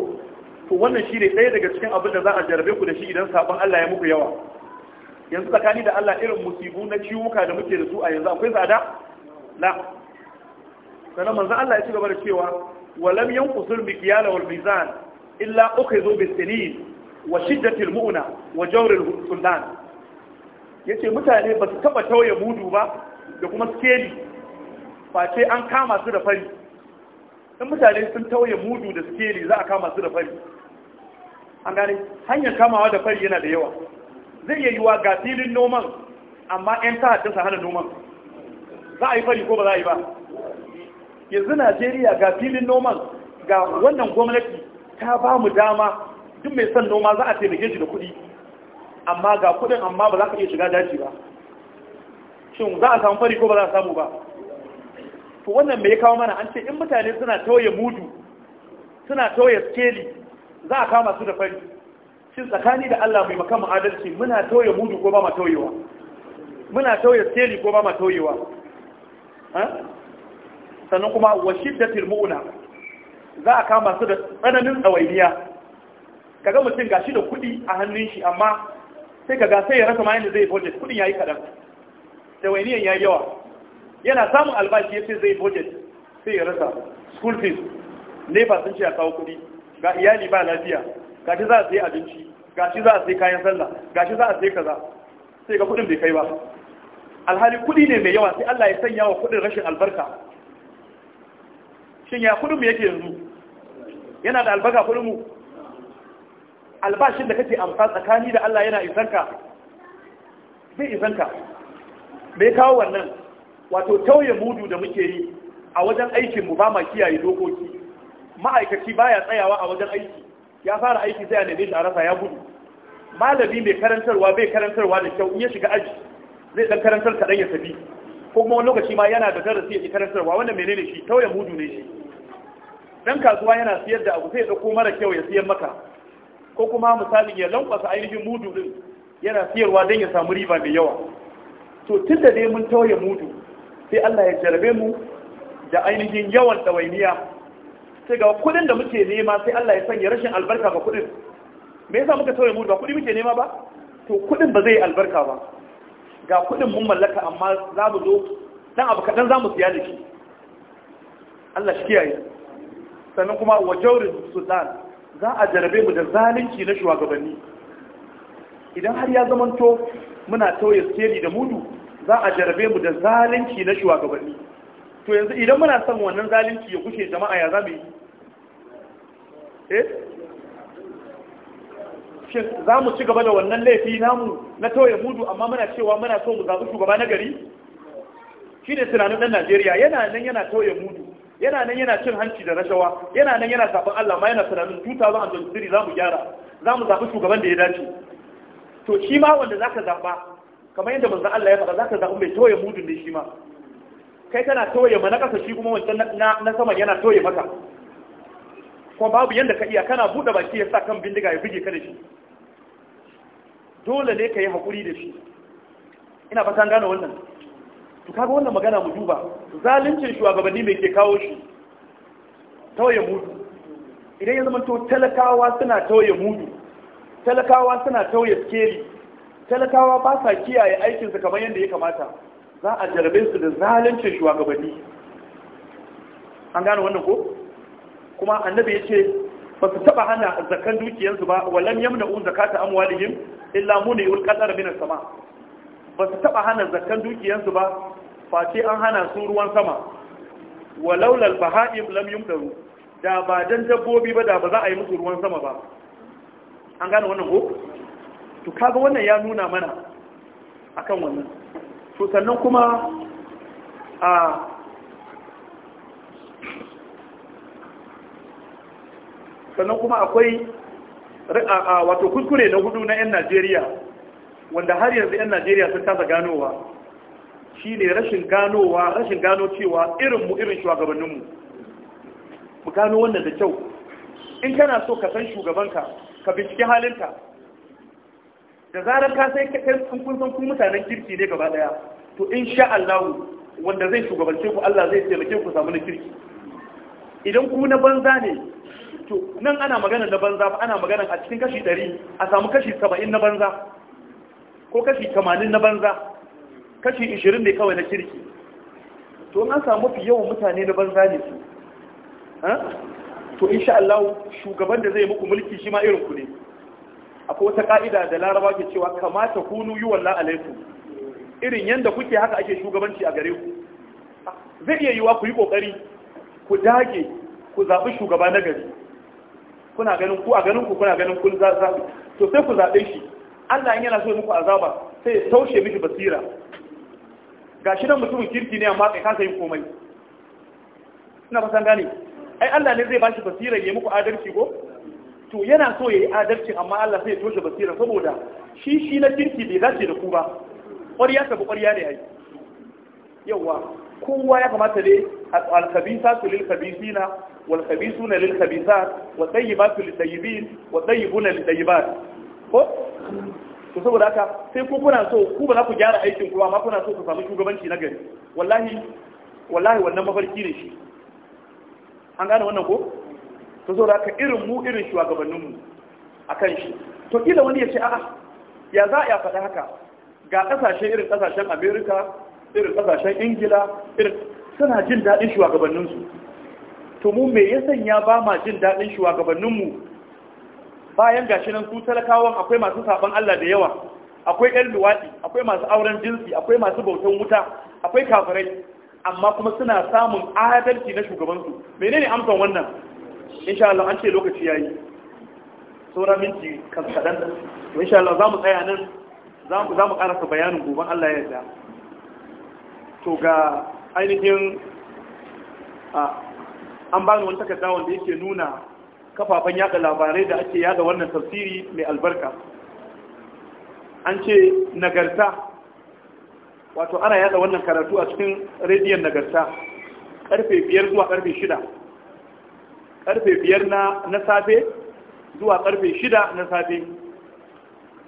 A: to wannan shi ne ɗaya daga cikin abin da za a jarabe ku da shi idan sabon Allah ya muku yawa yanzu tsakani da Allah irin musibu na ciwuka da muke da su a yanzu akwai tsada na sannan manzo Allah ya ci gaba da cewa walam yanqusul kiyala wal mizan illa ukhizu bis sinin wa shiddatil mu'na wa jawril Ya yace mutane ba su taba tauye mudu ba da kuma skeli face an kama su da fari in mutane sun tauye mudu da skeli za a kama su da fari an gane hanyar kamawa da fari yana da yawa zai iya yiwa ga filin noman amma 'yan ta'adda su hana noman za a yi fari ko ba za a yi ba yanzu najeriya ga filin noman ga wannan gwamnati ta ba mu dama duk mai son noma za a taimake shi da kuɗi amma ga kuɗin amma ba za ka iya shiga daji ba shin za a samu fari ko ba za a samu ba to wannan mai kawo mana an ce in mutane suna tauye mudu suna tauye skeli za a kama su da fari shin tsakani da Allah mai makamu adalci muna tauye mudu ko ba ma tauyewa muna tauye tseli ko ba ma tauyewa sannan kuma washi da mu'una za a kama su da tsananin tsawainiya kaga mutum gashi da kuɗi a hannun shi amma sai kaga sai ya rasa ma da zai budget kuɗin yi kadan tsawainiyan yi yawa yana samun albashi ya ce zai budget sai ya rasa school fees ne ba sun ce a kawo kuɗi ga iyali ba lafiya gashi za a sai abinci gashi za a sai kayan sallah gashi za a sai kaza sai ga kudin bai kai ba alhali kudi ne mai yawa sai Allah ya sanya wa kudin rashin albarka shin ya kudin mu yake yanzu yana da albarka kudin mu albashin da kake amsa tsakani da Allah yana isanka zai isanka me kawo wannan wato tauye mudu da muke yi a wajen aikin mu ba ma kiyaye dokoki ma'aikaci baya tsayawa a wajen aiki ya fara aiki sai a neme shi a rasa ya gudu malami mai karantarwa bai karantarwa da kyau in ya shiga aji zai dan karantar kaɗan ya tafi ko kuma wani lokaci ma yana da darasi ya karantarwa wannan menene shi tauye mudu ne shi dan kasuwa yana siyar da abu sai ya dauko mara kyau ya siyan maka ko kuma misalin ya lankwasa ainihin mudu din yana siyarwa dan ya samu riba mai yawa to tun da dai mun tauye mudu sai Allah ya jarabe mu da ainihin yawan ɗawainiya sai ga kudin da muke nema sai Allah ya sanya rashin albarka ga kudin me yasa muka tauye mu ba kudi muke nema ba to kudin ba zai yi albarka ba ga kudin mun mallaka amma za mu zo dan abu kadan za mu siya da shi Allah shi kiyaye sannan kuma wa jawrin sultan za a jarabe mu da zalunci na shugabanni idan har ya zamanto muna tauye seli da mudu za a jarabe mu da zalunci na shugabanni to yanzu idan muna son wannan zalunci ya gushe jama'a ya za yi
B: eh shin
A: za mu ci gaba da wannan laifi namu na tauye mudu amma muna cewa muna so mu zaɓi shugaba na gari shi ne tunanin ɗan najeriya yana nan yana tauye mudu yana nan yana cin hanci da rashawa yana nan yana zaɓin allah ma yana tunanin 2023 za mu gyara za mu zaɓi shugaban da ya dace to shi ma wanda za ka zaɓa kamar yadda manzan allah ya faɗa za ka zaɓi mai tauye mudun ne shi ma kai tana toye ma na ƙasa shi kuma wancan na sama yana toye maka kuma babu yadda ka iya kana buɗe baki ya sa kan bindiga ya buge ka da shi dole ne ka yi haƙuri da shi ina fatan gane wannan to kaga wannan magana mu duba zaluncin shugabanni mai ke kawo shi toye mudu idan ya zama to talakawa suna toye mudu talakawa suna toye skeli talakawa ba sa kiyaye aikinsa kamar yadda ya kamata za a jarabe su da zalincin shugabanni an gane wannan ko kuma annabi ya ce ba su taba hana zakan dukiyarsu ba walam yamna un zakata amwalihim illa muni ul qadar min sama ba su taba hana zakan dukiyarsu ba face an hana su ruwan sama walaula al bahaim lam yumdaru da ba dan dabbobi ba da ba za a yi musu ruwan sama ba an gane wannan ko to kaga wannan ya nuna mana akan wannan to sannan kuma a sannan kuma akwai wato kuskure na hudu na 'yan najeriya wanda har yanzu 'yan najeriya sun tasa ganowa shi ne rashin ganowa rashin gano cewa irinmu irin shugabanninmu mu gano wannan da kyau in kana so ka san shugabanka ka binciki halinka da zarar ka sai kai kun san kun mutanen kirki ne gaba daya to insha Allah wanda zai shugabance ku Allah zai taimake ku samu na kirki idan ku na banza ne to nan ana magana na banza ba ana magana a cikin kashi 100 a samu kashi 70 na banza ko kashi 80 na banza kashi 20 ne kawai na kirki to an samu fi yawan mutane na banza ne to insha Allah shugaban da zai muku mulki shi ma irin ku ne akwai wata ka'ida da laraba ke cewa kamata kunu yi walla alaikum irin yadda kuke haka ake shugabanci a gare ku zai iya yiwa ku yi kokari ku dage ku zaɓi shugaba na gari kuna ganin ku a ganin ku kuna ganin kun zaɓi to sai ku zaɓe shi Allah in yana so muku azaba sai ya taushe miki basira gashi nan mutumin kirki ne amma kai kasa yin komai ina fasan gane ai Allah ne zai bashi basira ya muku adalci ko to yana so ya yi adalci amma Allah sai ya toshe basira saboda shi shi na kirki bai dace da ku ba ƙwariya tafi ƙwariya ne yayi yawa kowa ya kamata ne al-khabisa lil khabisina wal khabisuna lil khabisat wa tayyibatu lil tayyibin wa tayyibuna lil tayyibat ko to saboda haka sai ku kuna so ku ba za ku gyara aikin ku amma kuna so ku samu shugabanci na gari wallahi wallahi wannan mafarki ne shi an gane wannan ko to zo da irin mu irin shugabanninmu a kan shi to kila wani ya ce a'a ya za a faɗa haka ga ƙasashe irin ƙasashen amerika irin ƙasashen ingila irin suna jin daɗin shugabanninsu to mu me ya sanya ba ma jin daɗin shugabanninmu bayan ga shi nan su talakawan akwai masu saban Allah da yawa akwai 'yan luwaɗi akwai masu auren jinsi akwai masu bautan wuta akwai kafirai amma kuma suna samun adalci na shugabansu menene amsan wannan insha Allah an ce lokaci yayi saura minti kan kadan to insha Allah mu tsaya nan za mu karasa bayanin goban Allah ya yarda to ga ainihin a an bani wani takarda wanda yake nuna kafafen yada labarai da ake yada wannan tafsiri mai albarka an ce nagarta wato ana yada wannan karatu a cikin rediyon nagarta karfe biyar zuwa karfe shida. karfe biyar na safe zuwa karfe shida na safe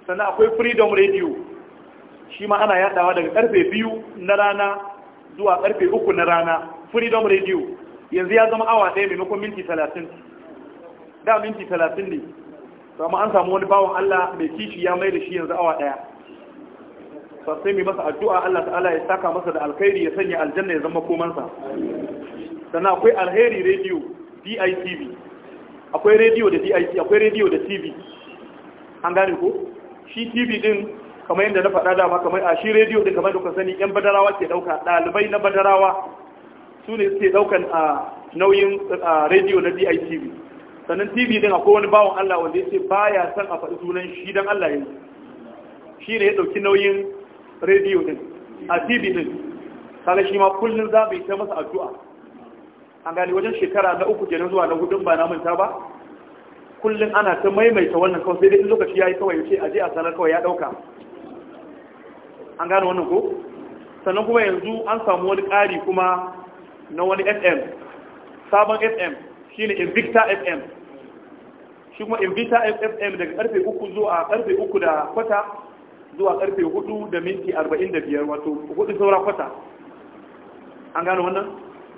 A: sannan akwai freedom radio shi ma ana yadawa daga karfe biyu na rana zuwa karfe uku na rana freedom radio yanzu ya zama awa ɗaya maimakon minti talatin da minti talatin ne amma an samu wani bawan Allah mai kishi ya mai da shi yanzu awa ɗaya sai mai masa addu'a Allah ta'ala ya saka masa da alkhairi ya sanya aljanna ya zama komansa sannan akwai alheri radio DITV akwai radio da DIT akwai radio da TV an gane ko shi TV din kamar yadda na faɗa dama kamar a shi radio din kamar da kuka sani yan badarawa ke dauka ɗalibai na badarawa su ne suke daukan a nauyin radio na DITV sannan TV din akwai wani bawan Allah wanda yace baya son a faɗi sunan shi dan Allah yanzu shi ne ya dauki nauyin radio din a TV din kaga shi ma kullun za mu ta masa addu'a an gani wajen shekara na uku kenan zuwa na hudun ba na manta ba kullum ana ta maimaita wannan kawai sai dai lokaci ya yi kawai ce aje a sanar kawai ya ɗauka an gani wannan ko sannan kuma yanzu an samu wani ƙari kuma na wani fm sabon fm shine invicta fm shi kuma invicta fm daga karfe uku zuwa karfe uku da kwata zuwa karfe hudu da minti arba'in da biyar wato hudu saura kwata an gano wannan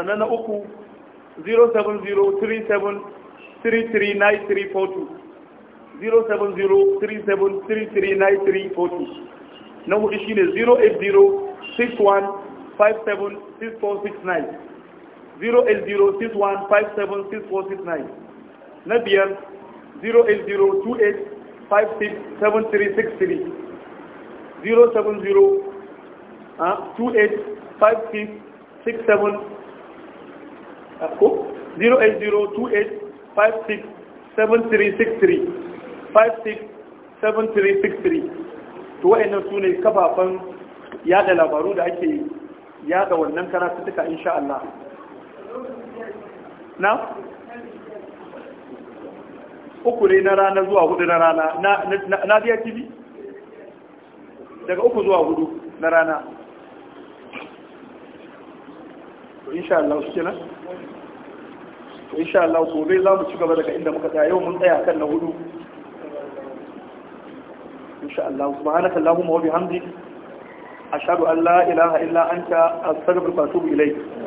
A: sannan na uku 07037339342 07037339342 na hudu shine 08061576469 08061576469 na biyar 08028567363 070 2856 ko 08028567363 567363 to wayannan su ne kafafen yada labaru da ake yada wannan karatuttuka insha Allah na uku ne na rana zuwa hudu na rana na biya tv daga uku zuwa hudu na rana insha Allah shi kenan to insha Allah gobe za mu ci gaba daga inda muka tsaya yau mun tsaya kan na hudu insha Allah subhanaka allahumma wa bihamdik ashhadu an la ilaha illa anta astaghfiruka wa atubu ilayk